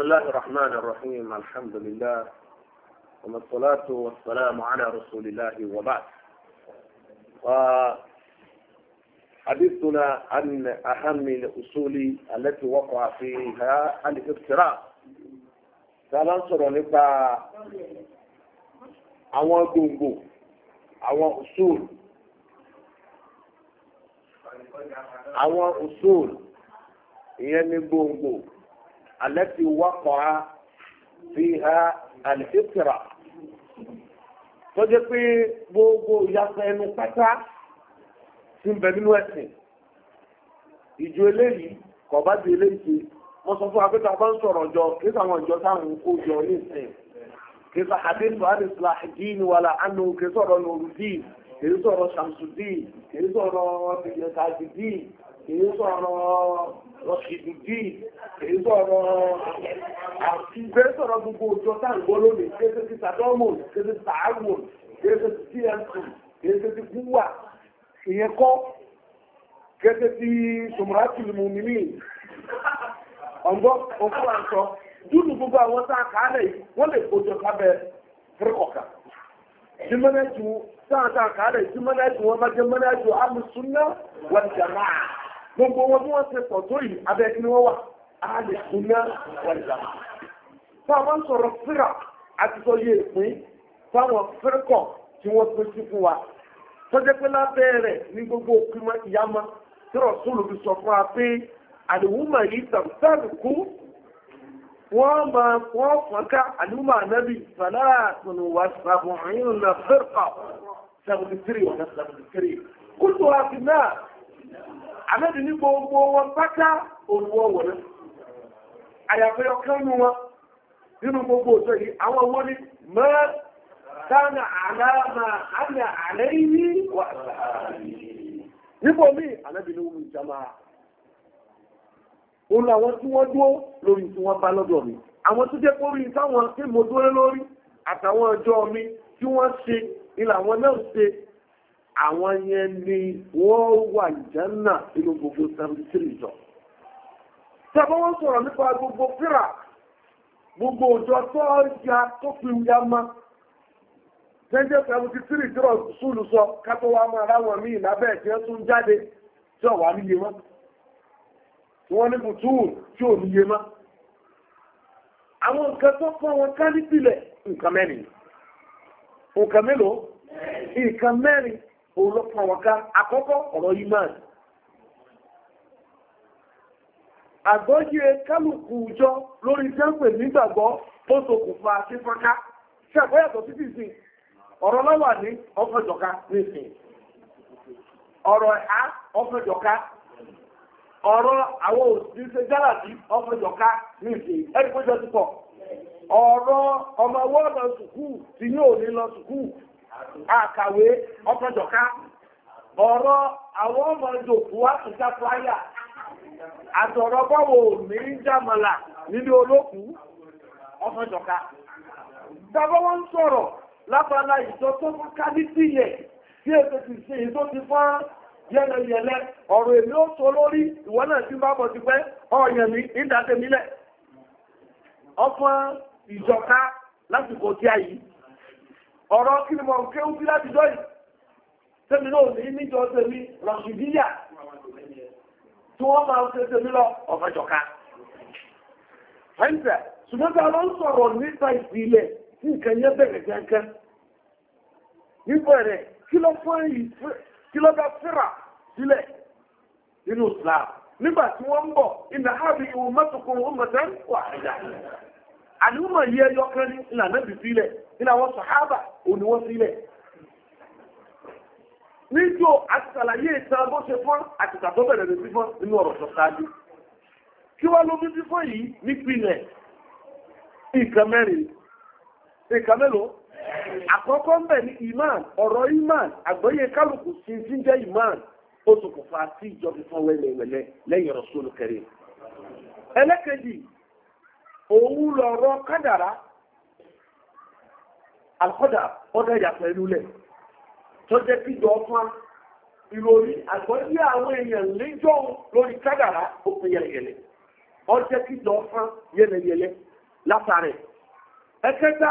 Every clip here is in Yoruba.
بسم الله الرحمن الرحيم الحمد لله والصلاة والسلام على رسول الله وبعد وحديثنا عن أهم الأصول التي وقع فيها الافتراء سننصر نبا أول gbòǹgbò أول أصول أول أصول ìyẹn يعني ni التي وقع فيها الفطرة tó jẹ́ pé gbogbo ìyàtọ̀ ẹnu pátá ti ń bẹ nínú ẹ̀sìn ìjọ eléyìí kò bá di eléyìí wọ́n sọ fún akẹ́kọ̀ọ́ bá ń sọ̀rọ̀ jọ kí sàwọn ìjọ táwọn kó jọ ní ìsìn kí sà àdéhùn àdìsílà àdìní wàlà àánú kí sọ̀rọ̀ kìí sọ̀rọ̀ rọ̀ṣìdìdì kìí sọ̀rọ̀ àtìgbẹ́ sọ̀rọ̀ gbogbo òjò táǹgbó lónìí kéèsè ti sàdọ́mùn kéèsè ti sàárùn kéèsè ti tmc kéèsè ti kúwà ìyẹn kọ́ kéèsè ti sùmùràtìlùmù mímí ọ̀gbọ́n òkú àǹtọ́ dúdú gbogbo àwọn tá a kà á lẹ̀ yìí wọ́n lè kojọ sábẹ́ fúrikọ̀kà jimẹ́nẹ́jù tá a kà á lẹ̀ jimẹ́nẹ́jù wọn bá jẹ́ mẹ́nẹ́jù alùsùnà wal jamaa. gbogbo wọn bí wọ́n ṣe pọ̀ yìí abẹ́ kí wọ́n wà a bá ń sọ̀rọ̀ fíra àti sọ yé ìpín fáwọn fírkọ̀ tí wọ́n pín sí fún wa pé ní gbogbo òpinmọ̀ ìyáma tí rọ̀súlù fi sọ fún wa pé àdìwúmọ̀ yìí tàbí kú wọ́n máa wọ́n na 73 73 àmẹ́bì ní gbogbo wọn pátá olùwọ́ wọ̀ náà àyàfẹ́ ọkàn nínú wọn nínú gbogbo òṣè yìí àwọn owó ní mọ́ sáànà àlàmà àmì àlẹ́ yìí wà níbo mí àmẹ́bì ní omi ìjàmà òun làwọn tí wọ́n dúó lórí tí wọ́n bá lọ́dọ̀ mi àwọn tó jẹ́ kórí táwọn tí mo dúró lórí àtàwọn ọjọ́ mi tí wọ́n ṣe ìlànà náà ṣe àwọn yẹn ni wọ́n wà jẹ́nà inú gbogbo 73 jọ. Tẹ́bọ́ wọ́n sọ̀rọ̀ nípa gbogbo fíra, gbogbo òjò tó ya tó fi ya ma. Jẹ́jẹ́ 73 jọ súlù sọ kátó wá máa ráwọn míì lábẹ́ ẹ̀kẹ́ tún jáde tí ọ̀wà níye Wọ́n ní tí ò níye Àwọn nǹkan tó wọn ká nípìnlẹ̀ nǹkan mẹ́rin. olópọn wọn ká àkọ́kọ́ ọ̀rọ̀ imán àgbọ́yé kálukú jọ lórí jẹ́pẹ̀ nígbàgbọ́ tó ṣokùnfà sí fọ́nká tí àgbọ́yàtọ̀ títí sí ọ̀rọ̀ lọ́wà ní ọkọ̀jọ̀ká nìsín ọ̀rọ̀ ẹ̀há ọkọ̀jọ̀ká ọ̀rọ̀ àwọn òṣìṣẹ́ jálàbí ọkọ̀jọ̀ká nìsín ẹni kó jọ ti pọ̀ ọ̀rọ̀ ọmọ ọwọ́ lọ sùkúù tí yóò ní lọ sùkúù àkàwé ọpọjọká ọ̀rọ̀ àwọn ọmọ ìjòkú àtúnṣà fúláyà àtọ̀rọ̀ bọ́wọ̀ ní jàmàlà nílé olókùú ọpọjọká tàbí wọ́n ń sọ̀rọ̀ lábala ìjọ tó fún kálítì yẹ tí èso ti ṣe ìjọ ti fọ́n yẹlẹyẹlẹ ọ̀rọ̀ èmi ó so lórí ìwọ náà ti bá bọ̀ ti pẹ́ ọ̀yàn mi ìdàtẹ̀mílẹ̀ ọ̀fọ́n ìjọká lásìkò tí a yìí ọ̀rọ̀ kí ni mo ń kéwú sí láti jọ́ yìí tẹ́mi náà ní níjọ tẹ́mi rọ̀ṣùdíyà tí wọ́n máa ń ṣe tẹ́mi lọ ọ̀fẹ́jọ̀ká fẹ́ǹtẹ̀ ṣùgbọ́n tí a lọ ń sọ̀rọ̀ nípa ìpìlẹ̀ tí nǹkan yẹn bẹ̀rẹ̀ kankan nípa rẹ̀ kí ló fún kí ló dá fẹ́ra sílẹ̀ nínú Islam nígbà tí wọ́n ń bọ̀ ìnà àbí ìwọ̀n mẹ́tòkùn ọmọdé wà àjà àdúgbò yẹ yọkan ní ìlànà bìbí lẹ̀ nínú àwọn sàhábà òní wọ́n sílẹ̀ níjó àtìsàlàyé ìtàn bó ṣe fọ́n àtìsà tó bẹ̀rẹ̀ lè fífọ́n nínú ọ̀rọ̀ tó ṣáájú kí wá ló fi fífọ́n yìí nípìnlẹ̀ nǹkan mẹ́rin nǹkan mélòó àkọ́kọ́ ń bẹ̀ ní imán ọ̀rọ̀ imán àgbọ́yé kálukú sí ti ń jẹ́ imán ó ṣokùnfà sí ìjọba fún wẹ́lẹ́wẹ́lẹ́ lẹ́yìn ọ̀rọ̀ sólù kẹrin ẹlẹ́kẹ̀jì òun lọ̀rọ̀ kádàrá àkọ́dà ọdọ̀ ìyàpẹ̀ ìrúlẹ̀ tó jẹ́ kíjọ ọkùn ìròrí àgbọ́lé àwọn èèyàn léjọ́ lórí kádàrá òpin yẹlẹyẹlẹ ó jẹ́ kíjọ ọkùn yẹlẹyẹlẹ látàrẹ̀ ẹ̀kẹta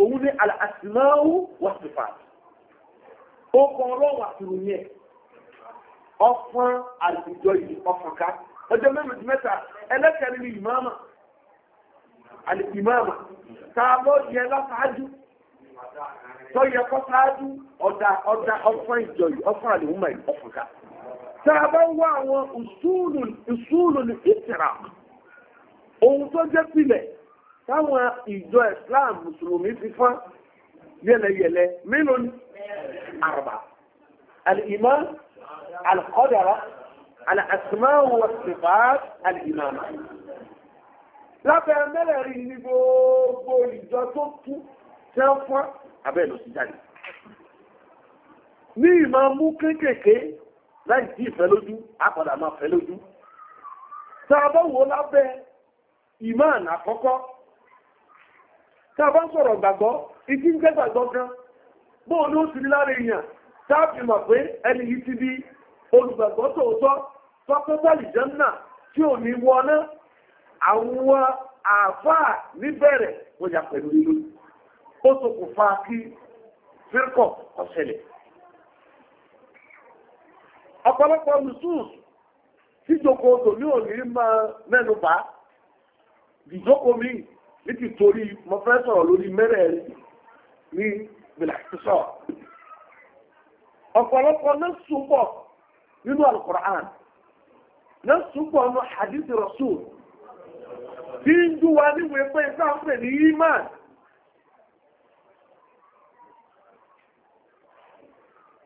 òun ní àsìmáwó wàsífà ó kọ ọlọ́wà tìrù yẹn ọkùn àlùjọ yìí ọkùn ká ọjọ́ mẹ́rin mẹ́ta ẹlẹ́kẹrin ni ìmáàmà àlè ìmáàmà tá a lọ yẹ látàájú tó yẹ kó sáájú ọ̀dà ọ̀dà ọ̀fọ̀n ìjọ yìí ọ̀fọ̀n àlèhùnmá yìí ọ̀fọ̀n ká. tá a bá ń wá àwọn ìṣúlù ìtìrà ohun tó jẹ́ pilẹ̀ táwọn ìjọ Islam mùsùlùmí ti fọ́n yẹlẹyẹlẹ mélòó ni àrùbá alìmọ́ alìkọ́dàrà alàsìmọ́ wọ sífà alìmọ́ lábẹ́ mẹ́rẹ̀ẹ̀rin ní gbogbo ìjọ tó kú n'ihi fún lọ sí jáde ní ìmọ̀ mú kéékèèké láì sí ìfẹ́ lójú àpàdà máa fẹ́ lójú tá a bá wò lábẹ́ ìmáàn àkọ́kọ́ tá sọ̀rọ̀ gbàgbọ́ ìdí ń gbẹ́gbàgbọ́ gan bóò ní ó ti rí èèyàn mọ̀ pé ẹni yìí ti di olùgbàgbọ́ tòótọ́ tọ́pọ́tọ́lì jẹ́nà tí ò ní wọná àwọn ó ṣokùnfà kí fírkọ̀ ọ̀ṣẹlẹ̀ ọ̀pọ̀lọpọ̀ nusus tí jòkó odò ní òní máa mẹ́nu bá ìjókòó mi ní ti torí mo fẹ́ sọ̀rọ̀ lórí mẹ́rẹ̀ẹ̀rin ní bìlàṣíṣọ́ ọ̀pọ̀lọpọ̀ náà súnpọ̀ nínú alukur'an náà súnpọ̀ nínú hadith rasul tí ń dúwa níwèé pé sáà ń pè ní imán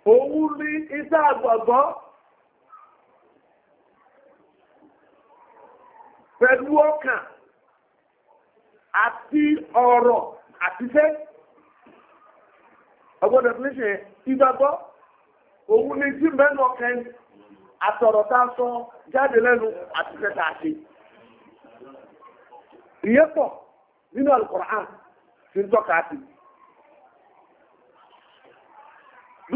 òun rí iṣẹ́ àgbàgbọ́ pẹ̀lú ọkàn àti ọ̀rọ̀ àtiṣẹ́ ọgbọ́n definition ìgbàgbọ́ òun ni tí mẹ́nu ọkàn àtọ̀rọ̀ tá a sọ jáde lẹ́nu àtiṣẹ́ tá ìyẹ́pọ̀ nínú Al-Qur'an ti ń tọ́ka sí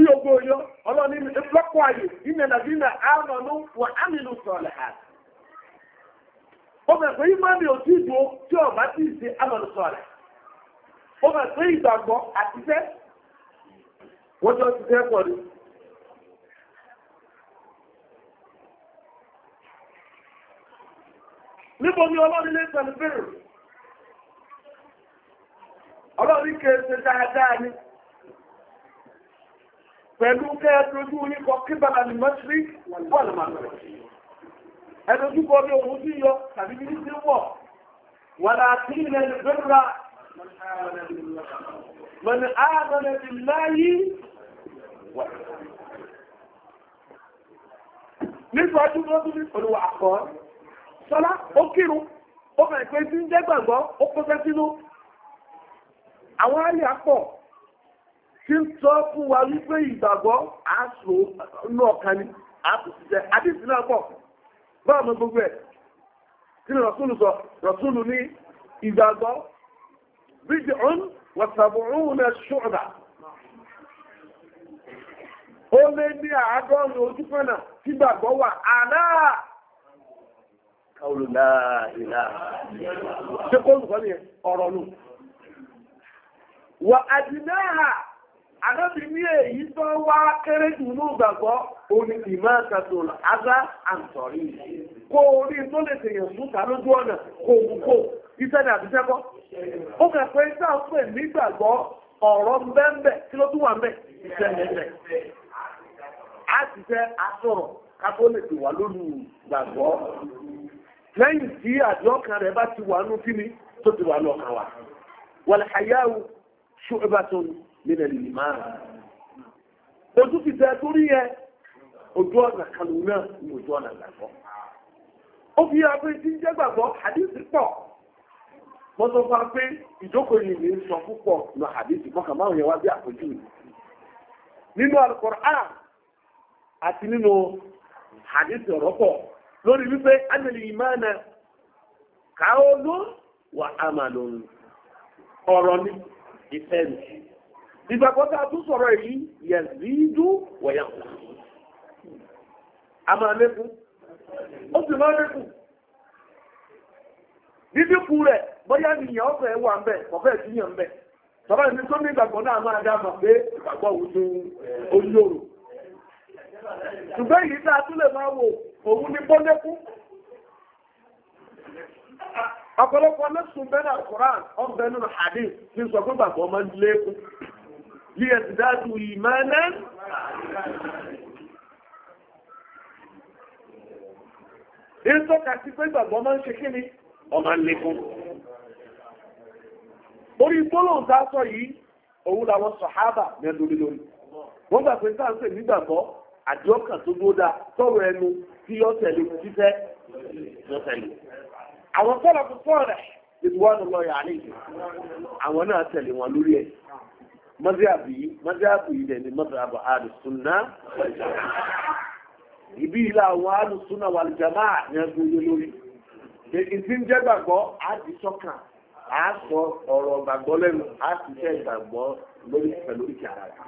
ní ogún oyó ọlọ́ni lọ́pọ̀ ayé ìnà nàbínà àrọ̀nù wà ámìlú sọ̀rọ̀ ha. ó mọ̀ pé ìmọ̀ni ò tí ì dúró tí ò bá tí ṣe ámìlú sọ̀rọ̀. ó mọ̀ pé ìgbàgbọ́ àtiṣẹ́ wọ́n jọ ti fẹ́ pọ̀ ni. níbo ni ọlọ́run lè sọ̀rọ̀ bẹ̀rẹ̀ ọlọ́run kì í ṣe dáadáa ni. pẹ̀lú kẹ́ ẹdójú oníkọ kíbàlá ní mọ́sílì wà ní màá lọ. ẹdójú kọ bí òun sí yọ tàbí bí sí wọ̀ wà láti ilẹ̀ ìgbẹ́rura mọ̀nà ààbọ̀nà ti láyé wà. nípa ọdún tó tún ní olùwà àkọ́ sọlá ó kírun ó fẹ̀ pé tí ń jẹ́ gbàgbọ́ ó kọ́ tí ń sọ fún wa wípé ìgbàgbọ́ àṣò inú ọ̀kan ni àtúnṣe àdéhùn náà pọ̀ bá ọmọ gbogbo ẹ̀ kí ni sọ rọ̀súlù ní ìgbàgbọ́ bíjì ọ̀n wọ̀sàbùrún náà ṣùgbà ó lé ní àádọ́rin ojúkọ́nà tí gbàgbọ́ wà àdáà ṣe kó olùkọ́ ni ọ̀rọ̀ nù Àdọ́bì ní èyí tó wá kéré jù ní ìgbàgbọ́ orí ìmọ̀ ṣàtò àǹtọ̀rí. Kó orí tó lè tèèyàn múta lójú ọ̀nà kò mú kò iṣẹ́ ní na Ó kẹ̀ pé iṣẹ́ pè nígbàgbọ́ ọ̀rọ̀ bẹ́ẹ̀bẹ̀ kí ló tún wà mẹ́ iṣẹ́ bẹ́ẹ̀bẹ̀. A ti fẹ́ asọ̀rọ̀ lè ìgbàgbọ́. Lẹ́yìn tí rẹ̀ bá ti wà nílẹ̀ lè máa rẹ̀. Ojú ti tẹ torí yẹ ojú ọ̀nà kanu náà ní ojú ọ̀nà gbàgbọ́. Ó fi yára pé tí ń jẹ́ gbàgbọ́ àdísì pọ̀. Wọ́n sọ fún wa pé ìjókòó yìí ní sọ púpọ̀ lọ àdísì mọ́kà márùn-ún yẹn wá bí àpèjú Nínú Al-Qur'an àti nínú àdísì ọ̀rọ̀ pọ̀ lórí wípé ánìlì ìmáàna káwọn ló wà á máa lòun ọ̀rọ̀ ní ìfẹ́ mi. ìgbàgbọ́ta tún sọ̀rọ̀ èyí yẹ̀zídú wọ̀yàwó a máa lékún ó sì máa lékún dídíkù rẹ̀ bóyá nìyàn ọ̀fẹ́ wà ń bẹ̀ ọ̀fẹ́ ìdíyàn ń bẹ̀ sọ́bàá ní tó ní ìgbàgbọ́ náà máa dá mọ̀ pé ìgbàgbọ́ òun ní olóró ṣùgbọ́n èyí tá a tún lè máa wò òun ní ọ̀pọ̀lọpọ̀ lẹ́sùn bẹ́ẹ̀ náà hadith sọ pé máa ليزدادوا إيمانا ń tọ́ka sí pé gbàgbọ́ máa ń ṣe kí ni ọmọ lékún orí gbólóhùn tá a sọ yìí òun làwọn sọ̀hábà mẹ́lórí lórí wọ́n gbà pé sáà ń pè nígbàgbọ́ àdìọ́kàn tó dúró dáa tọrọ ẹnu tí yọ tẹ̀lé fífẹ́ yọ tẹ̀lé àwọn sọ̀rọ̀ fún sọ̀rọ̀ ìdúwọ́n lọ́ọ̀yà àlejò àwọn náà tẹ̀lé wọn lórí ẹ̀ mọ́síàbù yìí mọ́síàbù yìí dẹ̀ ni mọ́síàbù àdùsùnà ìbí ilé àwọn àdùsùnà wà lùjàmá ní ẹgbẹ́ olé lórí ìsìn jẹ́ gbàgbọ́ àdìsọ́kàn á sọ ọ̀rọ̀ gbàgbọ́ lẹ́nu á sì fẹ́ gbàgbọ́ lórí pẹ̀lú ìkì ara rẹ̀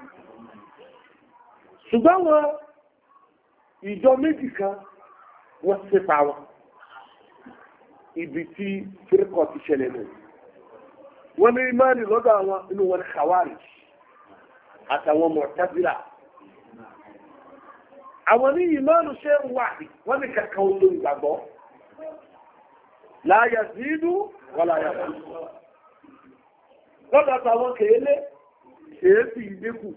ṣùgbọ́n wọn ìjọ méjì kan wọ́n ti pa wọn ibi tí kíríkọ̀ ti ṣẹlẹ̀ lọ wọ́n ní imáàlì lọ́dọ̀ àwọn inú wọn ni kàwárìjì àtàwọn mọ̀tàbílà àwọn ní ìmọ̀nù ṣe ń wà wọ́n ní kankan olórí ìgbàgbọ́ láyà zídú wọ́n láyà bá lọ́dọ̀ àtàwọn kèélé èéfì ìdínkù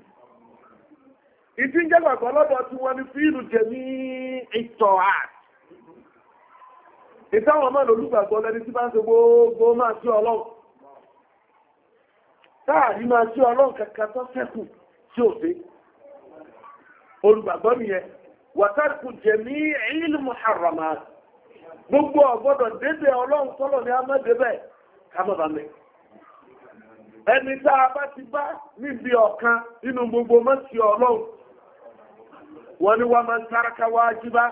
ìdí ń jẹ́ gbàgbọ́ lọ́dọ̀ tí wọ́n ní fíìlù jẹ ní ìtọ̀ àt ìtàwọn ọmọ olùgbàgbọ́ lẹ́ni tí bá ń ṣe gbogbo máa sí ọlọ́run táàrí máa sí ọlọ́run kankan tó ṣẹ́kù tí ò dé olùgbàgbọ́ nìyẹn wàtàkù jẹ̀mí gbogbo ọ̀gbọ́dọ̀ débẹ̀ ọlọ́run tọ́lọ̀ ní amá débẹ̀ ẹni tá a bá ti bá níbi ọ̀kan nínú gbogbo mọ́sí ọlọ́run wọ́n ní wọ́n máa ń táraka wá jíbá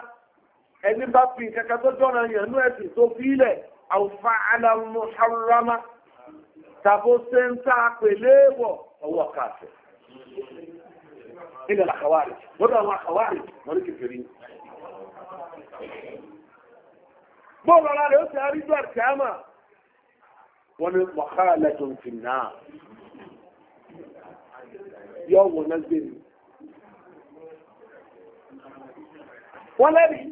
ẹni bá fi kankan tó jọ́ra yẹn ẹ̀sìn tó fi ilẹ̀ àwùfà tàbó ilẹ̀ àkàwárì lọ́dọ̀ àwọn àkàwárì wọ́n ní kèfèrí bọ́ọ̀lù ọ̀la rẹ̀ ó ti arígbó àkàmà wọ́n ní wàhálà tó ń fi náà yọ wọ̀ náà gbé mi wọ́n lẹ́rìí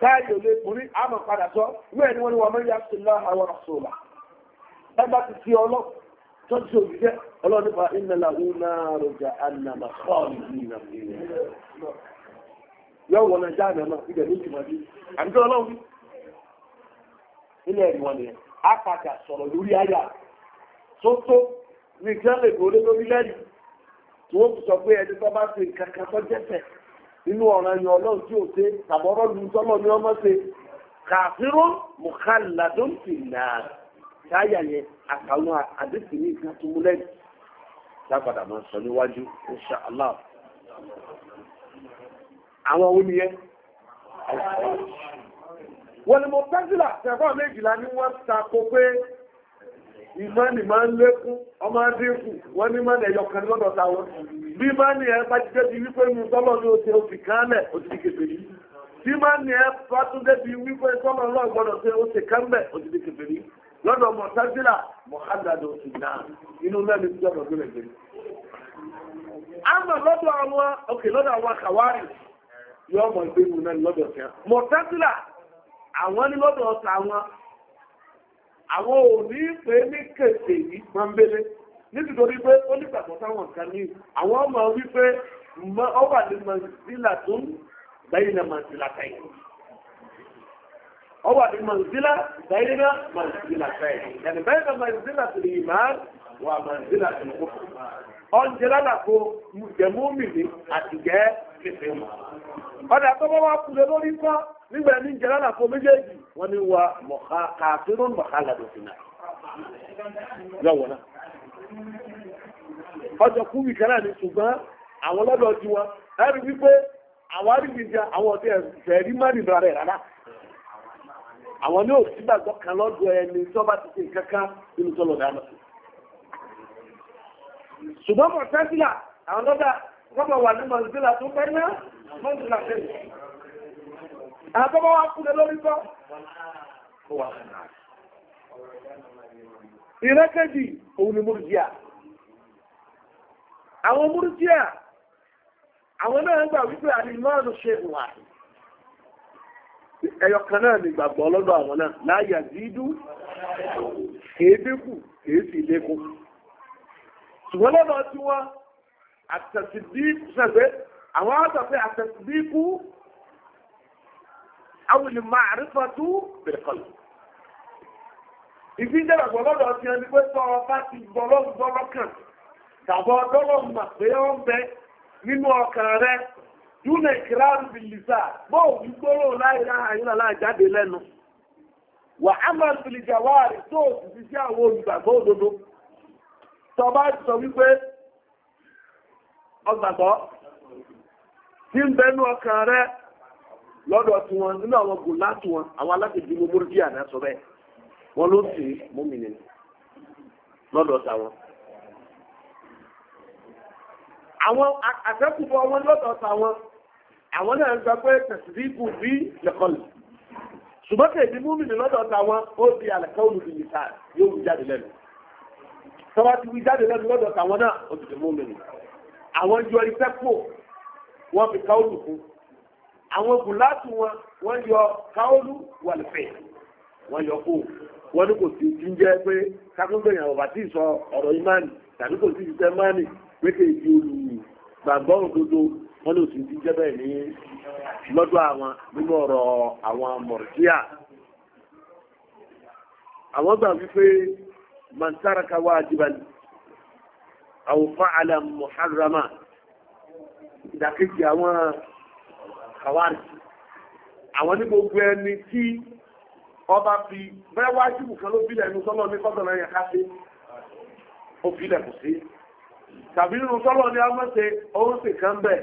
táyò lè borí àmọ̀ padà sọ wẹ́ẹ̀ ni wọ́n ní wọ́n mọ́ yá sí lọ́ àwọn ọ̀ṣọ́lá ẹgbà ti fi ọlọ́pàá tọ́jú òṣìṣẹ́ ọlọ́nípa ìnàlá unárojà ànàmà kọ́ọ̀lù yìí nà fi rẹ̀. yóò wọ̀nà já ànàmà ibẹ̀ ló jùmọ̀ sí àbíkẹ́ ọlọ́run nílẹ̀ ìwọ̀n nìyẹn á padà sọ̀rọ̀ lórí àyà tó tó ní ìjọba èkó lé lórí lẹ́yìn tí wọ́n sọ pé ẹni tó bá ṣe kankan tó jẹ́sẹ̀ nínú ọ̀ràn yẹn ọlọ́run tí ò ṣe tàbọ̀rọ̀ lu ni ọmọ ṣe kàfírún mùkàládùn fìlà táyà yẹn àtàwọn àdéhùn ní ìgbà tó múlẹ̀ lápadà máa sọ níwájú insha Allah àwọn oníyẹ wọ́n ni mo tẹ́sílà tẹ̀fọ́ méjìlá ni wọ́n tako pé ìmánì máa ń lékún ọmọ nkwụ, wọ́n ní mánì ẹ̀yọ kan lọ́dọ̀ táwọn bí ẹ bá jíjẹ́ ti wípé ní oṣù kánlẹ̀ lọ́dọ̀ mọ̀tẹ́sílà mọ̀hádàdọ̀ ìná inú mẹ́rin tí ọ̀dọ̀ tó lè gbé. a mọ̀ lọ́dọ̀ àwọn òkè lọ́dọ̀ àwọn kàwárì yọ mọ̀ ìgbé mu náà lọ́dọ̀ tí wọn. mọ̀tẹ́sílà àwọn ní lọ́dọ̀ ọ̀sà wọn àwọn ò ní pé ní kèsè yìí pọ́nbélé nítorí pé ó nígbàgbọ́ táwọn kan ní àwọn ọmọ wípé ọba ní mọ̀tẹ́sílà tó ń gbẹ́yìn náà mọ̀tẹ́sílà kẹ́yìn. هو المنزلة بين منزلتين يعني بين منزلة الإيمان ومنزلة الكفر ọ̀njẹ́lá làkó jẹ̀múmìnì àti jẹ́ kìfẹ́ mọ̀. ọ̀dà tó bá wá kúlẹ̀ lórí kọ́ nígbà ní jẹ́lá làkó méjèèjì wọ́n ní wa mọ̀ká kàfíró mọ̀ká làdòfinà. lọ́wọ́ náà ọjọ́ kú wì kẹ́lá ní ṣùgbọ́n àwọn lọ́dọ̀ tiwọn ẹ̀rí wípé àwọn arìnrìn àwọn ọ̀dẹ́ ẹ̀rí má rìn rárá àwọn ní òsì gbàgbọ́ kan lọ́dọ̀ ẹni tí wọ́n bá ti ṣe nǹkan kan nínú tó lọ dáná sí. ṣùgbọ́n mọ̀ tẹ́sílà àwọn lọ́dà rọ́bà wà ní mọ̀lẹ́sílà tó fẹ́ ná mọ̀lẹ́sílà tẹ́lẹ̀. àwọn tó bá wá kú lé lórí kọ́. ìrẹ́kẹ̀jì òun ni múrùjíà. àwọn múrùjíà àwọn náà gbà wípé àlè náà ṣe ìwà ẹyọ kan náà ni gbàgbọ́ lọ́dọ̀ àwọn náà láyà dídú kéédékù kéésì lékún ṣùgbọ́n lọ́dọ̀ tí wọ́n àtẹ̀sídíkù sẹ́gbẹ́ àwọn àtọ̀fẹ́ àtẹ̀sídíkù awùlì máa rífà tú bẹ̀rẹ̀kọlù ìfíjẹ́ gbàgbọ́ lọ́dọ̀ tí wọ́n ni pé tọ́ ọba ti gbọ́lọ́gbọ́lọ́kàn tàbọ̀ ọdọ́lọ́mà pé ó ń bẹ nínú ọkàn rẹ̀ dúnà ìkìláàrù bìlìsà bọ́ọ̀ gbígbóró láìra àyínlá náà jáde lẹ́nu wà á máa bìlìjà wáàrí tó sì sí àwọn olùgbàgbọ́ òdodo tọba ti sọ wípé ọgbàgbọ́ tí ń bẹnu ọkàn rẹ lọ́dọ̀ tí wọn nínú àwọn láti wọn àwọn mórí díà náà sọ bẹ́ẹ̀ àwọn náà ń sọ pé tẹ̀síríkù bí lẹ́kọ̀lù ṣùgbọ́n kèdè múmi ní lọ́dọ̀ tàwọn ó di àlẹ́kọ́ olùdíyìí ta yóò wí jáde lẹ́nu tọ́wọ́ ti wí jáde lẹ́nu lọ́dọ̀ tàwọn náà ó ti múmi ní àwọn yọ iṣẹ́ pò wọ́n fi káólù fún àwọn gùláàtù wọn wọ́n yọ káólù wàlùfẹ́ wọ́n yọ kó wọ́n ní kò sí jíjẹ́ pé kákúndéyàn ọ̀bà tí ì sọ ọ̀rọ̀ ìmánì tàbí kò sí ìṣẹ́ mánì pé kéèké olùgbàgbọ́ òdodo wọ́n lò sí ti jẹ́bẹ̀ ní lọ́dọ̀ àwọn nínú ọ̀rọ̀ àwọn mọ̀rìkíà àwọn gbà wípé mọ̀ntáraka wajiban aw fa'ala muharrama ìdàkejì àwọn kawari. àwọn ní gbogbo ẹni tí ọba fi bẹ́ẹ̀ wájú kan ló bílẹ̀ inú sọ́lọ́ ní kọ́tọ̀ náà yẹ ká sí ó bílẹ̀ kò sí tàbí inú sọ́lọ́ ní amọ́sẹ̀ ó ń sì kan bẹ́ẹ̀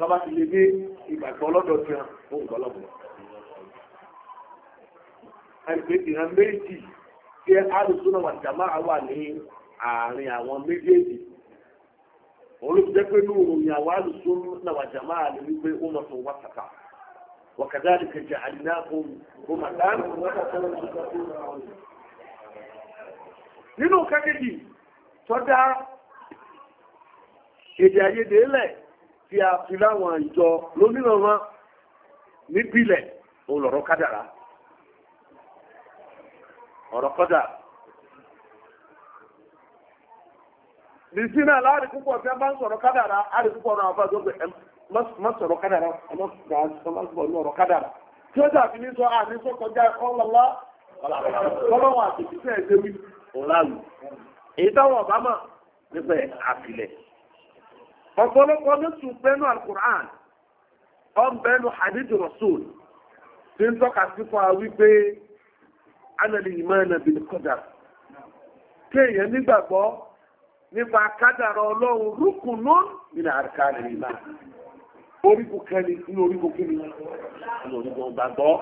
tọ́ba ti lè dé ìgbàgbọ́ lọ́dọ̀ tí wọn àìpé ìran méjì tí alùsùn náà jàmá wà ní àárín àwọn méjèèjì òun ló jẹ́ pé ní òòyìn àwọn alùsùn náà jàmá ni wípé ó mọ̀ tó wá kàkà àdínà dáná. nínú tọ́jà èdè lẹ̀ tí a fi láwọn ìjọ lónìlọ́wọ́ níbílẹ̀ olọ̀rọ̀ kádàrá ọ̀rọ̀ kọ́dà nìsínà láàrin púpọ̀ tí a bá ń sọ̀rọ̀ kádàrá àrin púpọ̀ náà bá gbogbo ẹ̀ má sọ̀rọ̀ kádàrá ọ̀rọ̀ kádàrá tí ó dàbí ní sọ sọ kọjá àti wí èyí táwọn nípa ọ̀pọ̀lọpọ̀ ló tún bẹ́nu al-Qur'an ọm bẹ́nu hadith rasul tí ń tọ́ka sí fún wa wípé anàlì ìmọ̀ọ́nà bil qadar kéèyàn nígbàgbọ́ nípa kádàrà ọlọ́run rukunun min arkan al-iman orígun kẹni ní orígun kíni ní orígun gbàgbọ́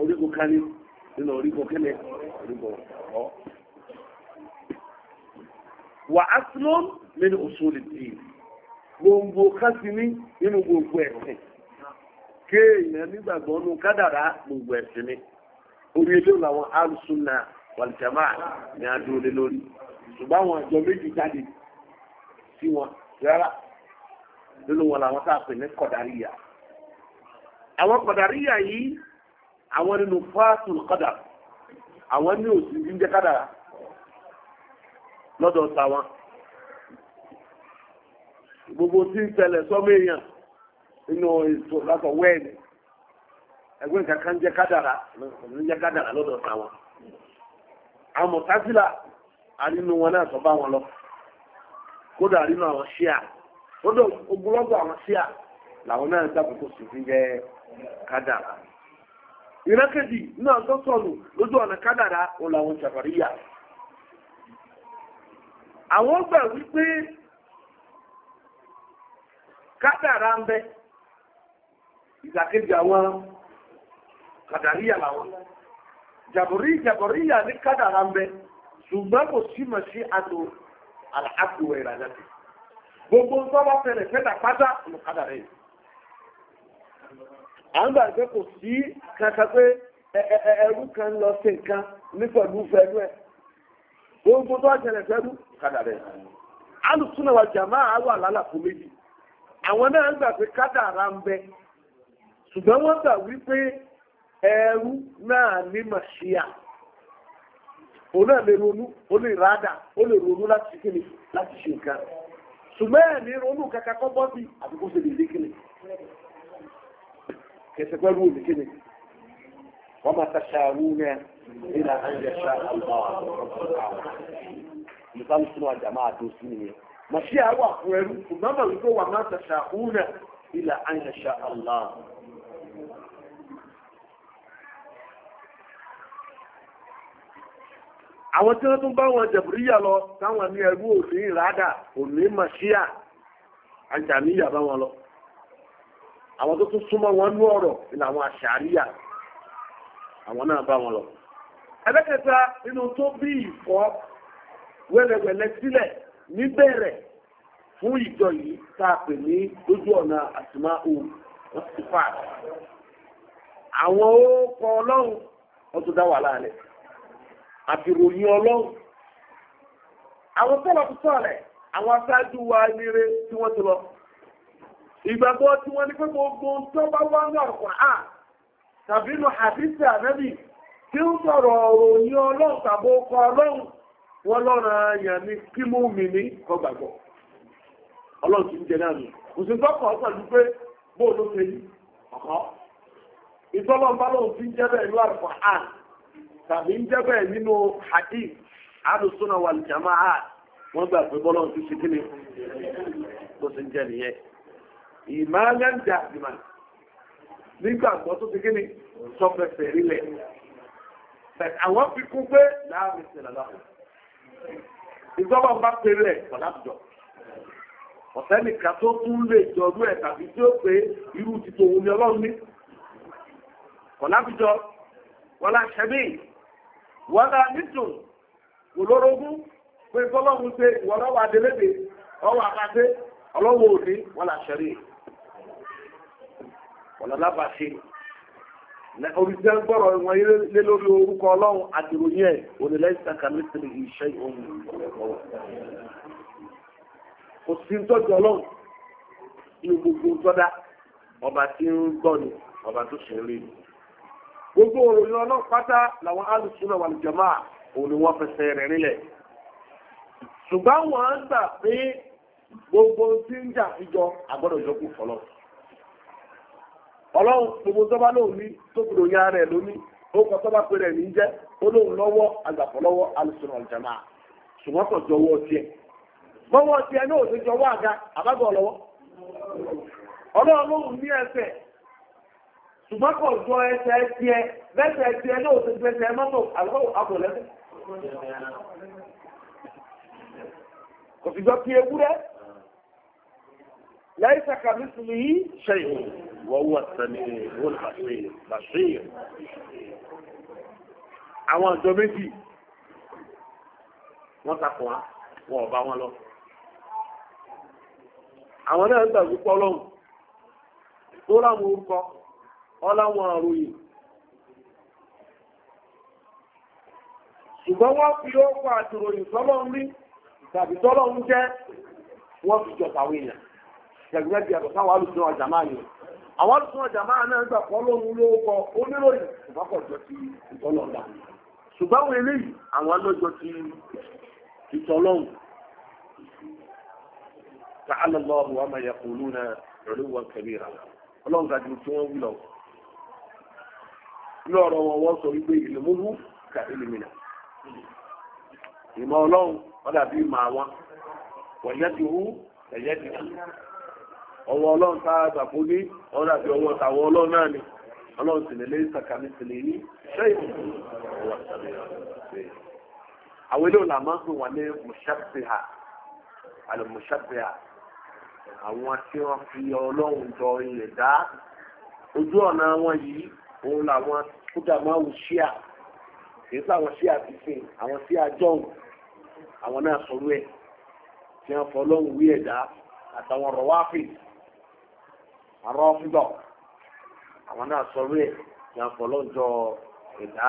orígun kẹni nínú orígun kíni wà aslun min usulid-din gbogbo kásìmí nínú gbogbo kéèyàn nígbàgbọ́ kádàrá gbogbo ni orí ilé làwọn alùsùnà ni a dúró lé lórí ṣùgbọ́n àwọn àjọ méjì jáde sí wọn rárá nínú wọn làwọn tá a pè ní àwọn yìí àwọn nínú àwọn ní òsì ń kádàrá. lọ́dọ̀ tàwọn gbogbo tí ń tẹ̀lẹ̀ sọ́mọ èèyàn inú ètò látọ̀ wẹ́ẹ̀lì ẹgbẹ́ nǹkan kadara jẹ́ kádàrà lọ́dọ̀ tàwọn àrínú wọn náà sọ bá wọn lọ kódà àrínú àwọn ṣíà kódà ogunlọ́gbọ̀ àwọn ṣíà làwọn náà dábòkò sí fi jẹ́ àwọn gbà wípé kádàrá ń bẹ ìdàkejì àwọn kàdàríyà làwọn jàbòrí jàbòríyà ní kádàrá ń bẹ ṣùgbọ́n kò sí mọ̀ sí àtò àlàáfíà ìrà láti gbogbo tọ́wọ́ fẹ̀rẹ̀ fẹ́ta pátá ló kádàrá yìí à ń gbà pé kò sí kankan pé ẹrú kan lọ sí nǹkan ní pẹ̀lú fẹ́lú ẹ̀ gbogbo tọ́wọ́ fẹ̀rẹ̀ fẹ́lú kádàrá ẹ̀ alùsùnà wa jàmáà wà lálàfo méjì àwọn náà gbà pé ara ń bẹ ṣùgbọ́n wọ́n gbà wípé ẹrú náà ní màṣíà òun náà lè ronú ó lè rádà ó lè ronú láti kíni láti ṣe nǹkan ṣùgbọ́n ṣe kẹsẹ̀ ìfàmù sínú àjàmá àdóṣù nìyẹn màṣí àwọ àpò ẹrú ṣùgbọ́n màá wípé wà máa tẹ̀sà òwúrẹ̀ ilà àyànṣà Allah. àwọn tí wọ́n tún bá wọn jẹ̀bùríyà lọ táwọn ní ẹrú òní ìràdà òní màṣíà àjàmíyà bá wọn lọ àwọn tó tún súnmọ́ wọn ní ọ̀rọ̀ ní àwọn àṣàríyà àwọn náà bá wọn lọ ẹlẹ́kẹta nínú tó bí ìfọ́ wẹ́rẹ́wẹ́lẹ́ sílẹ̀ níbẹ̀rẹ̀ fún ìjọ yìí tá ní lójú ọ̀nà àtìmá òun ọ̀sìfà. àwọn orúkọ ọlọ́run wọ́n dá wà láàlẹ̀ àti ròyìn ọlọ́run. àwọn sọ̀rọ̀ tó sọ̀rẹ̀ àwọn aṣáájú wa nire tí wọ́n ti lọ. ìgbàgbọ́ tí wọ́n ní pé gbogbo tó bá wá ní wọ́n lọ́ra àyàn ní kí mú mi ní kọgbàgbọ́ ọlọ́run ti ń jẹ náà nù òṣìṣọ́kọ̀ pẹ̀lú pé bóò ló ṣe yí ọ̀họ́ ìtọ́lọ́ bá lóun ti ń jẹ́ bẹ́ẹ̀ ló àrùkọ̀ àn tàbí ń jẹ́ bẹ́ẹ̀ nínú hadith alùsùnà wà lùjàmá à wọ́n gbà pé bọ́lọ́ ti ṣe kí ni bó ṣe ń jẹ nìyẹn ìmáàlẹ́ ìmà nígbàgbọ́ tó kí ni rí lẹ̀ àwọn fi kún pé láàrin ìjọba bá pèrè ẹ̀ pọ̀ láwùjọ ọ̀sẹ́nìkan tó tún lè jọrú ẹ̀ tàbí tí ó pé irú ti tòun ni ọlọ́run ní pọ̀ láwùjọ wọn lá ṣẹ́bí wọn lá nítùn olórogún pé bọ́lọ́run pé ìwọ̀n lọ́wọ́ adélébè ọwọ́ àpàdé ọlọ́wọ́ òní wọn lá ṣẹ́bí wọn lá oríṣi ń gbọ́rọ̀ wọn lé lórí orúkọ ọlọ́run àdìròyìn ẹ̀ onílẹ̀ ìsàkàmì tẹ̀lé iṣẹ́ ohun kò sí ń tọ́jú ọlọ́run ní gbogbo tọ́dá ọba tí ń gbọ́ ni ọba tó ṣe ń rí ni gbogbo òròyìn ọlọ́run pátá làwọn alùsùn náà wà ní jọmọ́ à òun ni wọ́n fẹsẹ̀ rẹ̀ nílẹ̀ ṣùgbọ́n wọ́n gbà pé gbogbo tí ń jà ìjọ àgbọ́dọ̀ yọkù fọlọ́run ọlọ́run gbogbo tó bá ní tó kúrò yá rẹ̀ lóní ó pere n'i pé rẹ̀ ní jẹ́ lọ́wọ́ àgbàpọ̀ alùsùn ọ̀jàmá ṣùgbọ́n kò jọwọ́ tiẹ̀ bọ́wọ́ tiẹ̀ náà ò jọwọ́ àga àbábọ̀ ọlọ́run ní ẹsẹ̀ ṣùgbọ́n kò jọ ẹsẹ̀ tiẹ̀ bẹ́sẹ̀ tiẹ̀ ليس كمثله شيء وهو السميع البصير بصير àwọn ọjọ́ méjì wọ́n takọ̀ wá wọ́n ọba wọn lọ àwọn náà ń gbàgbé pọ́ lọ́hùn tó láwọn orúkọ ọláwọn àròyìn ṣùgbọ́n wọ́n fi ó pa àtìròyìn tọ́lọ́run rí tàbí tọ́lọ́run jẹ́ wọ́n fi jọ tàwọn èèyàn gẹ̀gẹ́ bí ẹ̀kọ́ sáwọn alùsùn ọjà máa yẹn àwọn alùsùn ọjà máa náà gbà kọ́ lóhun jọ ti ìtọ́lọ́ọ̀dà ṣùgbọ́n àwọn eléyìí àwọn alọ́jọ ti ìtọ́lọ́hùn ta'ala Allahu wa ma yaquluna 'uluwan kabira ọlọ́run tí wọ́n lọ lọ́rọ̀ wọn wọ́n sọ wípé ìlúmúlú ka ìlúmìnà ìmọ̀ ọlọ́run màá wọn wọ̀nyẹ́ ti ẹ̀yẹ́ ọwọ́ ọlọ́run tá a gbàgbó ní ọ̀rọ̀ àti ọwọ́ tàwọn ọlọ́run náà ni ọlọ́run sì lélẹ́ ìsàkàmì sì lè ní sẹ́yìn ọwọ́ àtàlẹ́ àwọn ilé òlà máa ń pè wọ́n ní mùsàbíhà àlọ́ mùsàbíhà àwọn tí wọ́n fi ọlọ́run jọ ilẹ̀ dá ojú ọ̀nà wọn yìí òun làwọn kúdà máa wù ṣíà èyí tó àwọn ṣíà ti àwọn ṣíà jọ̀hún àwọn náà sọ̀rọ̀ ẹ̀ tí wọ́n fọ ọlọ́run wí ẹ̀dá àtàwọn rọ̀wáfì àrọ́ fúgbọ̀ àwọn náà sọ ẹ̀ ní ẹ̀dá.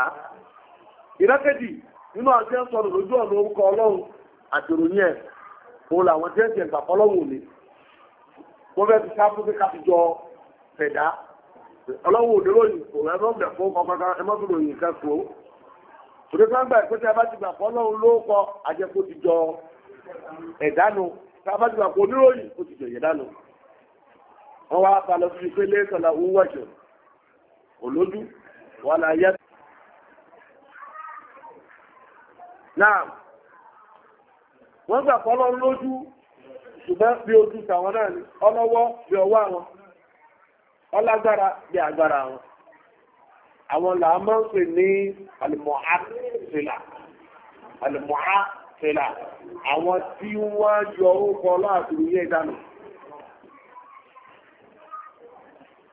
ìrákẹ́jì nínú àti ẹ̀ sọ̀rọ̀ lójú ọ̀nà orúkọ ọlọ́run àtòrò yẹn òun ẹ̀ jẹ́ ìgbà ni wọ́n fẹ́ ti sáfún káfíjọ lóyìn kò mọ́ bẹ̀ fún mọ́ fún òyìn kẹ́kọ̀ọ́ kan gbà pé tí a bá ti gbà fọlọ́run jọ wọ́n wá bá lọ sí pé lẹ́sọ̀lá wúwọ́jọ̀ olójú wà láyé náà wọ́n gbà fọ́lọ́ lójú ṣùgbọ́n bí ojú tàwọn náà ni ọlọ́wọ́ bí ọwọ́ àwọn ọlágbára bí agbára àwọn àwọn làá máa ń pè ní alìmọ̀á tìlà alìmọ̀á tìlà àwọn tí wọ́n yọ orúkọ ọlọ́ àtìlúyẹ́ ìdánù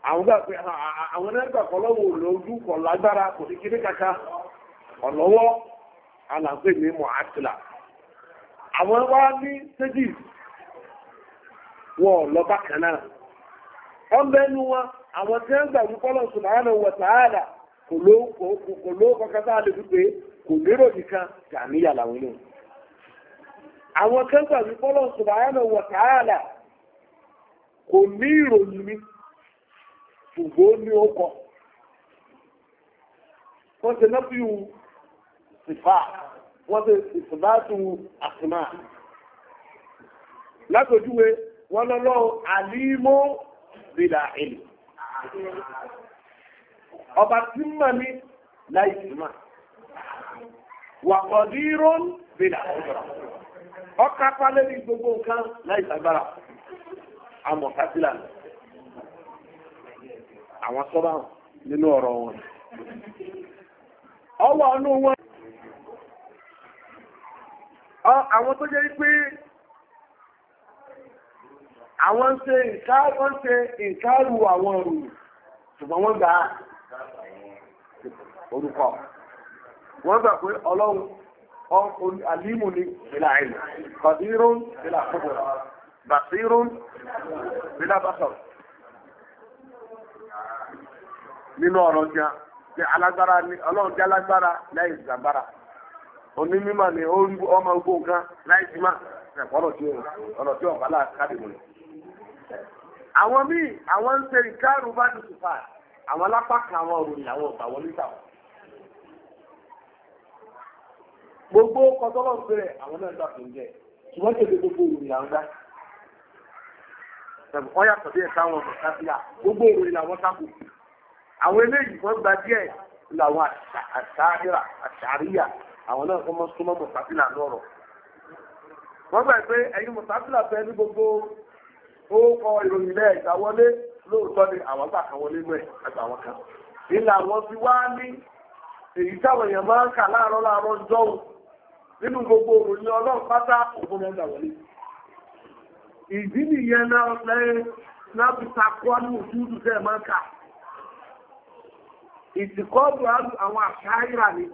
àwọn gbà pé àwọn ẹgbà lágbára kò ní kaka ọ̀lọ́wọ́ alàgbé ní mọ̀átìlà àwọn wá ní séjì wọ́n lọ bákan ọmọbẹ́nu wọn àwọn tí wọ́n gbà ní kọ́lọ̀ sùnmọ́nà wọ̀tàálà kò ló kọ́kọ́ sáà kò lérò nìkan làwọn àwọn kò ní ìròyìn ṣùgbó ní ọkọ̀ wọ́n ṣe nọ́píù ìfà wọ́n ṣe ìfìbátù àtìmá látòjúwe wọ́n lọ́lọ́ àlímọ́ bìlà ìlú ọba tí mọ̀ ní láìsìmá wàkọ̀dírón bìlà ọjọ́ ọkápá lẹ́ni gbogbo nǹkan láìsàgbára àmọ̀kásílà náà àwọn sọ́bà nínú ọ̀rọ̀ wọn ọwọ́ ọ̀nà wọn àwọn tó jẹ́ pé àwọn ń ṣe ìkárù àwọn òrùn ṣùgbọ́n wọ́n gbà orúkọ wọ́n gbà pé ọlọ́run alímù ni ìlà ìlú kọ̀dírún ìlà kúbùrà bàtírún ìlà bàtọ̀rọ̀ nínú ọ̀rọ̀ tí a alágbára ni ọlọ́run jẹ́ alágbára láì ìjàmbára ni ó ń ọmọ ogbó nǹkan láì jìmá ọ̀rọ̀ tí ọ̀rọ̀ tí ọ̀bá là káàdì mọ̀lẹ̀. àwọn míì àwọn ń ṣe ìkárù bá ti àwọn alápá kan àwọn gbogbo kọtọ́lọ́ ń bẹ̀rẹ̀ àwọn náà fún ṣùgbọ́n gbogbo ń tọ̀dí àwọn eléyìí wọ́n gba díẹ̀ làwọn àṣàríà àṣàríà àwọn náà kọ́ mọ́ súnmọ́ mùsàfílà lọ́rọ̀ wọ́n gbà pé ẹ̀yin mùsàfílà fẹ́ ní gbogbo orúkọ ìròyìn ilẹ̀ ìtawọlé lóòótọ́ ni àwọn gbà kan wọlé mẹ́ àgbà wọn kan ilà wọn fi wá ní èyí táwọn èèyàn máa ń kà láàárọ̀ láàárọ̀ jọ́hùn nínú gbogbo òròyìn ọlọ́run pátá òfin ẹgbà wọlé ìdí nìyẹn náà lẹ́yìn náà fi takọ́ ní òṣùdù tẹ́ máa ń kà ìsìnkọ́ọ̀dù àwọn àṣáyà ni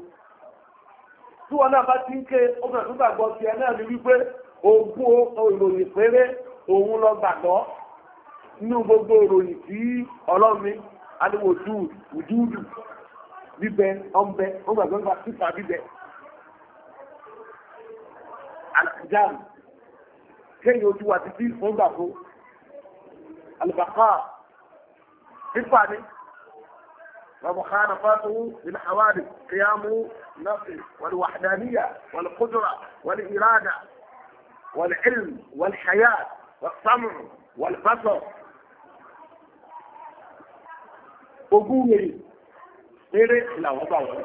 tí wọn náà bá ti ń ké ọmọ ẹ̀sùn gbàgbọ́ ti ẹ̀ náà ni wípé ogún lọ gbàgbọ́ nínú gbogbo ìròyìn tí ọlọ́mi adéwò dúdú bíbẹ ọ̀nbẹ ó gbàgbọ́ nípa bíbẹ àtìjáàmù kéyìn ojú wa títí fún àlùbákà ومخالفته للحوادث قيام نفسه والوحدانية والقدرة والإرادة والعلم والحياة والسمع والبصر ogúnmèrè eré làwọn bá wọn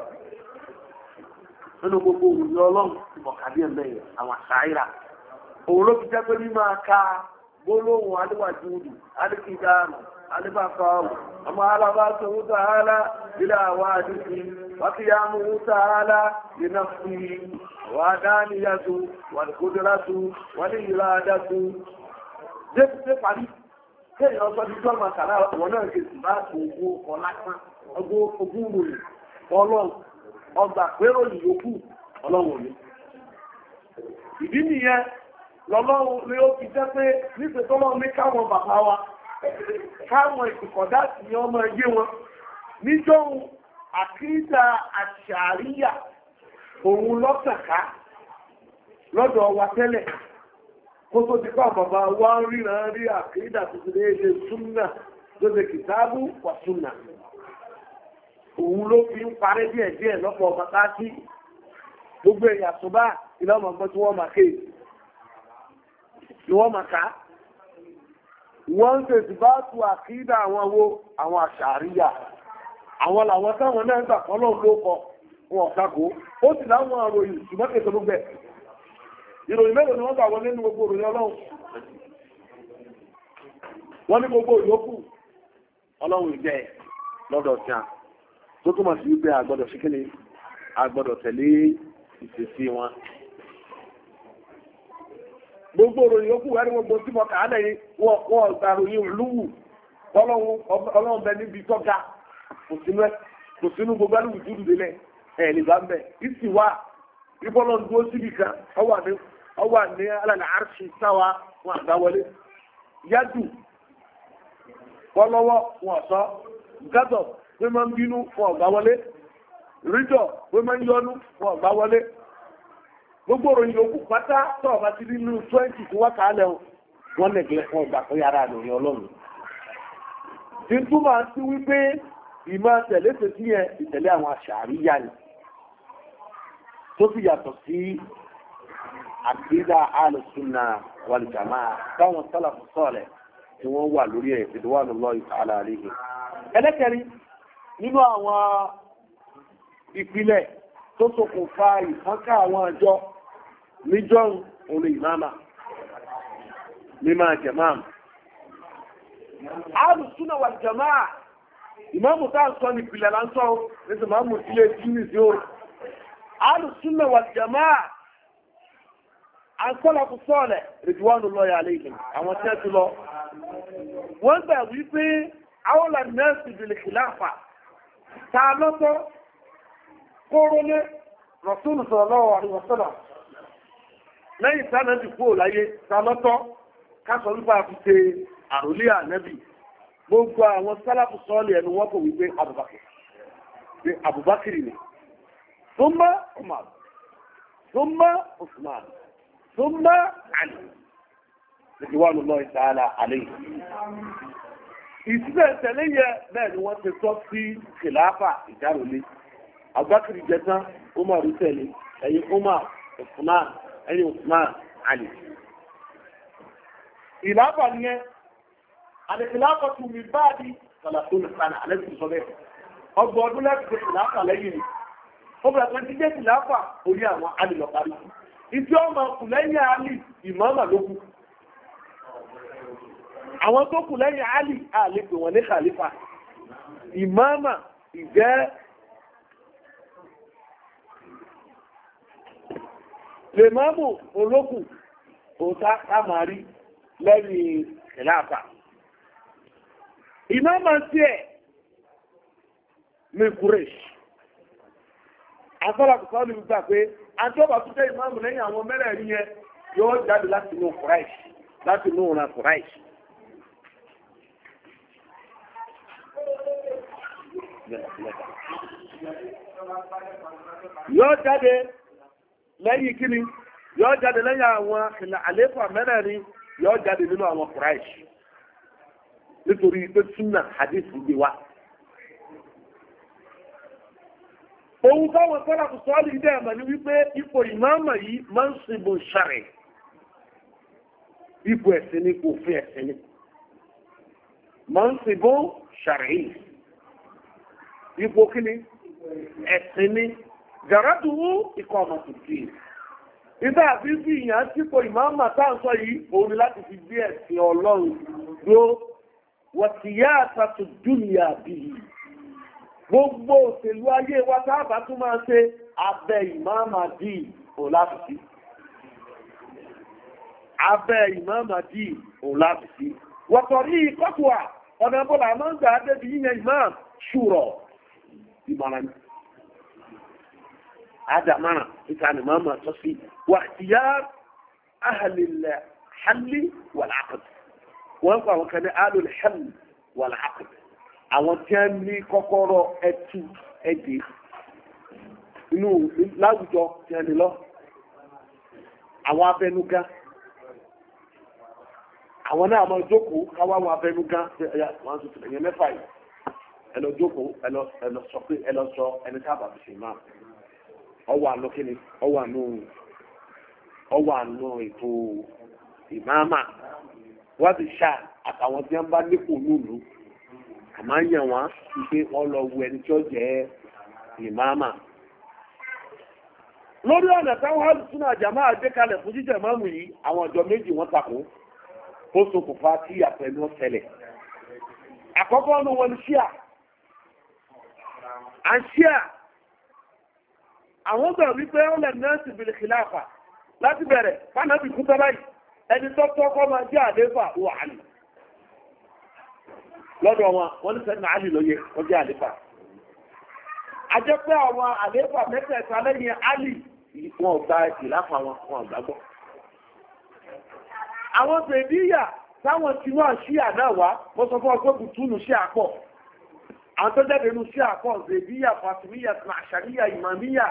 nínú gbogbo òwúrọ̀ ọlọ́run ti mọ̀ kàbí ẹ̀mẹ́ yẹn àwọn àṣàyíra òun ló fi jẹ́ pé mímọ́ aka gbólóhùn aléwájú odò alékèjà àmọ́ البقر مهربته تعالى إلى وادئه وقيامه تعالى لنفسه وأدانية والقدرة والإرادة جب جب عليك kéèyàn ọgbọ́n ti tọ́ màkà náà wọ́n náà ṣe sì bá ògbó ọlápá ọgbó ogún ìdí nìyẹn ni ó fi pé ní káwọn bàbá wa káwọn nwere sí ni ọmọ ẹgbẹ́ wọn níjọ́ àkíńtà àṣàríyà òun lọ́sàká lọ́dọ̀ wa tẹ́lẹ̀ kó tó ti pàà wa nri na nri àkíńtà tuntun ní ẹgbẹ́ súnà lóde kìtàbù wà súnà fi ń parẹ́ díẹ̀ díẹ̀ gbogbo wọ́n tètè bá tu àkídà àwọn wo àwọn àṣàríyà àwọn làwọn táwọn náà ń gbà kọ́lọ́ wọn ọ̀tako ó sì láwọn àròyìn ṣùgbọ́n kètò ìròyìn mélòó ni wọ́n gbà gbogbo ìròyìn ọlọ́run wọ́n a tó túmọ̀ sí wípé àgbọ́dọ̀ gbogbo òròyìn ó kù wẹ́rí gbogbo tí mo kà á lẹ́yìn wọ́n ìgbàròyìn olúwù ọlọ́run bẹ níbi tọ́ga kò sínú gbogbo dúdú délẹ̀ ẹ̀ lè bá ń bẹ̀ ìsì wá ìbọ́lọ̀ ń dúró síbi kan ọwà n'ala ní alàlẹ́ àrṣì sáwa wọn àgbà wọlé yádù wọn sọ pé máa ń bínú wọn àgbà wọlé gbogbo òròyìn yòókù pátá tó ọba ti rí nínú twenty tó wá kálẹ̀ o wọ́n lè gbé fún ọgbà fún yàrá lórí ọlọ́run. ti túmọ̀ sí wípé ìmọ̀ tẹ̀lé tètè yẹn ìtẹ̀lé àwọn àṣàríyá ni tó sì yàtọ̀ sí àkídà alùsùnà wàlùjàmá táwọn sálàfù sọ̀rẹ̀ tí wọ́n wà lórí ẹ̀ tí wọ́n lọ ìtàlá àríhe. ẹlẹ́kẹ̀rin nínú àwọn ìpìlẹ̀ tó ṣokùnfà ìfọ́nká àwọn ọjọ́ níjọ́ òun ni ìmáàmà mímá jẹ̀máàmù alùsúnà wà jẹ̀máà ìmáàmù tá à ń sọ ní ìpìlẹ̀ là ń sọ nítorí ìmáàmù ilé júnìsì ó alùsúnà wà jẹ̀máà àkọ́lọ̀kù sọ́ọ̀lẹ̀ ìdíwọ́nù lọ́yà aléìkì àwọn tẹ́ ti lọ wọ́n gbà wípé àwọ́là nẹ́ẹ̀sì bìlì kìláàfà ta lọ́tọ́ kóró lé rọ̀túnù sọ̀rọ̀ lọ́wọ́ àríwọ̀sọ́lọ̀ lẹ́yìn tánàbì kúrò láyé tánọ́tọ́ kásọ̀ wípé a fi ṣe àròlé ànẹ́bì gbogbo àwọn sálàfù sọ́ọ̀lì ẹnu wọ́n kò wípé Abubakar pé Abubakar ni thumma Umar thumma Usman thumma Ali ìdíwánu lọ ìtaàlà àlẹ́ ìsílẹ̀ tẹ̀lé yẹ bẹ́ẹ̀ ni wọ́n ti tọ́ sí kìláàfà ìdáròlé Abubakar jẹ Umar tẹ̀lé ẹ̀yìn Umar Usman ẹni Usman Ali ìlàbà nìyẹn àdìsíláàpà tún mi bá di sàlàtún ìsànà àlẹ́sìn sọ bẹ́ẹ̀ ọgbọ̀n ọdún lẹ́sìn ìlàpà lẹ́yìn ni ó bẹ̀rẹ̀ pé jíjẹ́ ìlàpà orí àwọn alìlọ̀ parí ìdí ọmọ kù lẹ́yìn Ali ìmọ̀ọ́mà ló kù ní Khalifa ìmọ̀ọ́mà ìjẹ́ lè mọ́mù olókù òta àmàrí lẹ́yìn ìlàpà ìmọ́mà sí ẹ̀ ní kúrèṣì àkọ́lá kùsọ́ ní gbà pé àjọba tó jẹ́ ìmọ́mù lẹ́yìn àwọn mẹ́rẹ̀ẹ̀rin yẹn yóò jáde láti inú kúrèṣì láti inú ọ̀nà kúrèṣì yóò jáde lẹ́yìn kíni yóò jáde lẹ́yìn àwọn àléfà mẹ́rẹ̀ẹ̀rin yóò jáde nínú àwọn Quraysh nítorí pé súnà hadith gbé wa. òun táwọn sọ́lá kò sọ́ lè dẹ́ ẹ̀mọ̀ ní wípé ipò ìmáàmà yìí máa ń sinbò ṣàrẹ̀ ipò ẹ̀sìn ni kò ẹ̀sìn ni máa ń sinbò ṣàrẹ̀ yìí ipò kíni ẹ̀sìn ni jàrádùwú ikọ̀ ọmọ tuntun nígbà tí bí ìyàn sípò ìmáàmà táǹsọ yìí òun láti fi gbé ẹ̀sìn ọlọ́run dúró wọ̀tíyá àtàtù dúnìyà bíi gbogbo òṣèlú ayé wa táàbà tún máa ṣe abẹ́ ìmáàmà díì òun láti sí abẹ́ ìmáàmà díì òun láti sí wọ̀tọ̀rí kọ́tùwà ọ̀nà bọ́lá máa ń gbà á débi yíyan ìmáàmù ṣùrọ̀ ìmọ̀ràn yìí àdàmáràn ìtàní màmá tó sí wà ìyá ahàlìlẹ̀ hàlì wà láàkùn wọ́n kọ́ àwọn kan ní alò hàlì wà láàkùn àwọn tí wọ́n ní kọ́kọ́rọ́ ẹtù ẹ̀dẹ̀ inú láwùjọ tí wọ́n ní lọ àwọn abẹnugan àwọn náà máa jókòó káwá àwọn abẹnugan wọ́n tuntun ẹ̀yẹ mẹ́fà yìí ẹ lọ jókòó ẹ lọ sọ pé ẹ lọ sọ ẹni tá a bàbá ṣe máa. ọwọ́ anọ kíni ọwọ́ anọ ọwọ́ anọ ètò ìmáàmà wọ́n ti ṣá àtàwọn tí wọ́n bá nípò lùlù àmọ́ yàn wọn pé wọ́n lọ wo ẹni tí ó jẹ́ ìmáàmà. lórí ọ̀nà táwọn alùsùn àjàmá àgbékalẹ̀ fún jíjẹ̀ máàmù yìí àwọn ọ̀jọ́ méjì wọ́n takò ó ṣokùnfà tí àpẹẹrẹ wọn ṣẹlẹ̀. àkọ́kọ́ ọ̀nà wọn ni ṣíà à àwọn gbà wípé ó lẹ̀ náà sì bìlì kìláàfà láti bẹ̀rẹ̀ fánàbì kú tọ́lá yìí ẹni tó tọ́kọ́ máa jẹ́ àléfà wà á lè lọ́dọ̀ wọn wọ́n ní sẹ́ni àlè lóye ó jẹ́ àléfà a jẹ́ pé àwọn àléfà mẹ́tẹ̀ẹ̀ta lẹ́yìn àlè wọn ò gba ìlàfà wọn wọn ò gbàgbọ́ àwọn bèbíyà táwọn tí wọ́n ṣíà náà wá mo sọ fún ọgbẹ́ bùtúnù ṣíà pọ̀ àwọn tó jáde nínú ṣíà pọ̀ bèbíyà fàtìmíyà àṣàríyà ìmàmíyà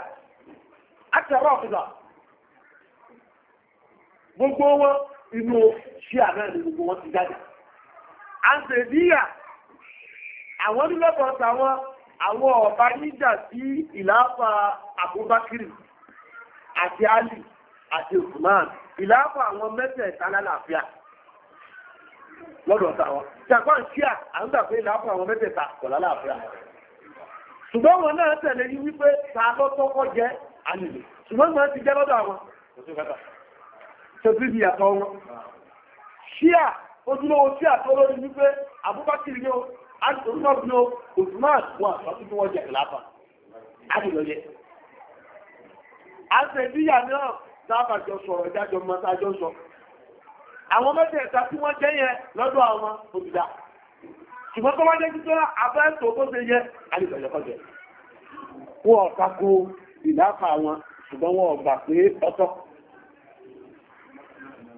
àti rọ́ọ̀fìdà gbogbo wọn inú ṣíà náà gbogbo wọn ti jáde àǹtẹ̀díyà àwọn nílọ́pọ̀ tàwọn àwọn ọ̀bá níjà sí ìlàáfà àbúbákírì àti alì àti ìlàáfà àwọn mẹ́tẹ̀ẹ̀ta lálàáfíà lọ́dọ̀ tàwọn ṣàgbọ́n ṣíà à ń gbà pé ìlàáfà àwọn mẹ́tẹ̀ẹ̀ta kọ̀ lálàáfíà ṣùgbọ́n wọn náà tẹ̀lé yí wípé ta jẹ́ alìlè ṣùgbọ́n mọ́ ti jẹ́ lọ́dọ̀ àwọn ṣẹ́bí bí àtọ́ wọn ṣíà ojúlówó ṣíà tó lórí wípé Abubakar ní o àtòrúnọ́bù ní o Usman wọn àtọ́sí tí wọ́n jẹ́ ìlàpá àdìlọ́yẹ àṣẹ̀bíyà náà sábàjọ sọ̀rọ̀ ìdájọ́ mọ́sájọ́ sọ àwọn mẹ́tẹ̀ẹ̀ta tí wọ́n jẹ́ yẹn lọ́dọ̀ àwọn òbìdá ṣùgbọ́n tó wájẹ́ títọ́ abẹ́ẹ̀tò tó ṣe yẹ àdìlọ́yẹ kọjẹ wọn ọ̀tako ìdáfà wọn ṣùgbọ́n wọn ọgbà pé ọtọ́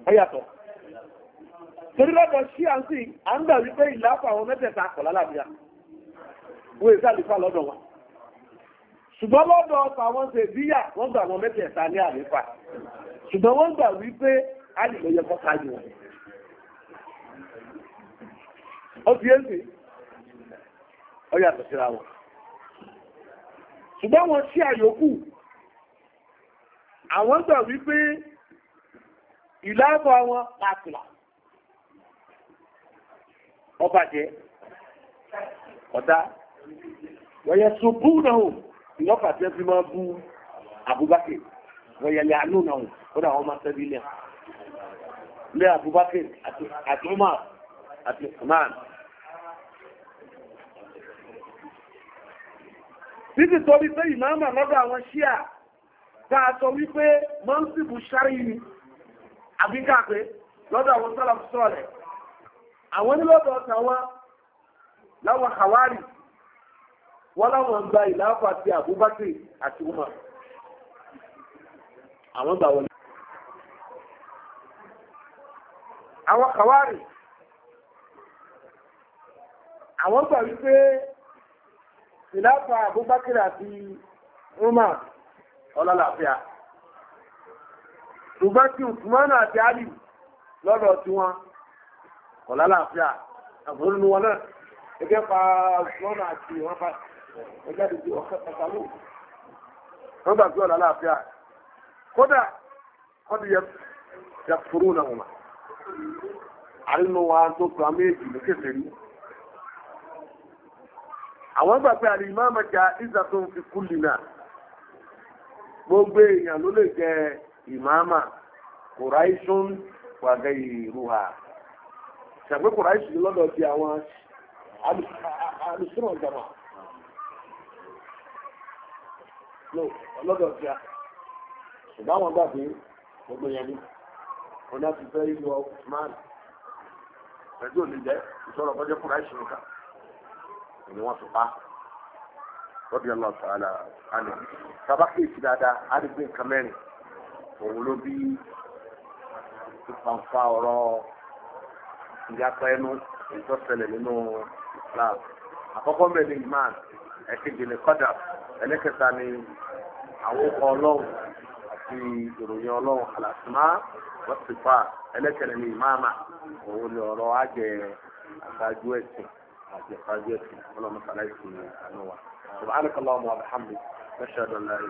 ọyàtọ̀ torí lọ́dọ̀ sí à ń sì à ń gbà wípé ìdáfà wọn mẹ́tẹ̀ẹ̀ta kọ̀ lálàbíà wọ́n èsì àlùfà lọ́dọ̀ wọn ṣùgbọ́n lọ́dọ̀ ọ̀pọ̀ àwọn ṣe bíyà wọ́n gbà wọn mẹ́tẹ̀ẹ̀ta ní àlùfà ṣùgbọ́n wọ́n gbà wípé alìlóye kọ́ sáájú wọn ó fi èsì ọyàtọ̀ síra wọn ṣùgbọ́n wọn sí àyókù àwọn gbà wípé ìlàbọ̀ wọn pàtìlà ọba jẹ́ ọ̀dá wọ́yẹ ṣubú náà ìlọ́pàá tí fi máa bú Abubakar wọ́yẹ lè àánú náà ó dà wọ́n máa tẹ́bí lẹ́ Abubakar àti Umar àti Usman títí torí pé ìmáàmà lọ́dọ̀ àwọn ṣíà dáa sọ wípé mọ́nsìbù ṣárí ni àbíká pé lọ́dọ̀ àwọn sọ́làmù sọ́ọ̀lẹ̀ àwọn onílọ́dọ̀ tàwọn láwọn Hawari wọ́n láwọn gba ìlàáfà àti àbúbákì àti Umar àwọn gbà wọlé àwọn Hawari àwọn gbà wípé ìlàpá Abubakar àti Umar ọlọ́làfíà ṣùgbọ́n tí Usman àti Ali lọ́dọ̀ tí wọn ọlọ́làfíà àbúrò ní wọn náà ẹgbẹ́ pa Usman àti wọn pa ẹgbẹ́ àdìjú ọ̀kẹ́ pàtàkì wọn gbà pé ọlọ́làfíà kódà kọ́dù àwọn gbà pé àlìmáàmù jà ìzà tó ń fi gbogbo èèyàn ló lè jẹ ìmáàmà kùráìṣún wàgẹ ìrùhà ṣàpé kùráìṣún lọ́dọ̀ ti àwọn alùsùnà jàmà lọ́dọ̀ ti a ṣùgbọ́n àwọn gbà gbogbo èèyàn ni wọn láti fẹ́ ìlú ọ̀sùnmáàlì pẹ̀lú òní jẹ́ ni wọ́n fi pa rọ́bì ọlọ́ọ̀tọ̀ àná bàbá kéèsì dáadáa á lè gbé nǹkan mẹ́rin òun ló bí ìfànfà ọ̀rọ̀ ìyapa ẹnu ìtọ́sẹ̀lẹ̀ nínú Islam àkọ́kọ́ mẹ́rin ni imán ẹ̀kejì kọ́dà ẹlẹ́kẹta àwọn ọkọ̀ ọlọ́run àti ìròyìn ọlọ́run àlàsímá wọ́n ti pa ẹlẹ́kẹrin òun ni ọ̀rọ̀ àjẹ ẹ̀sìn. في اللهم صل على محمد سبحانك اللهم وبحمدك نشهد ان لا اله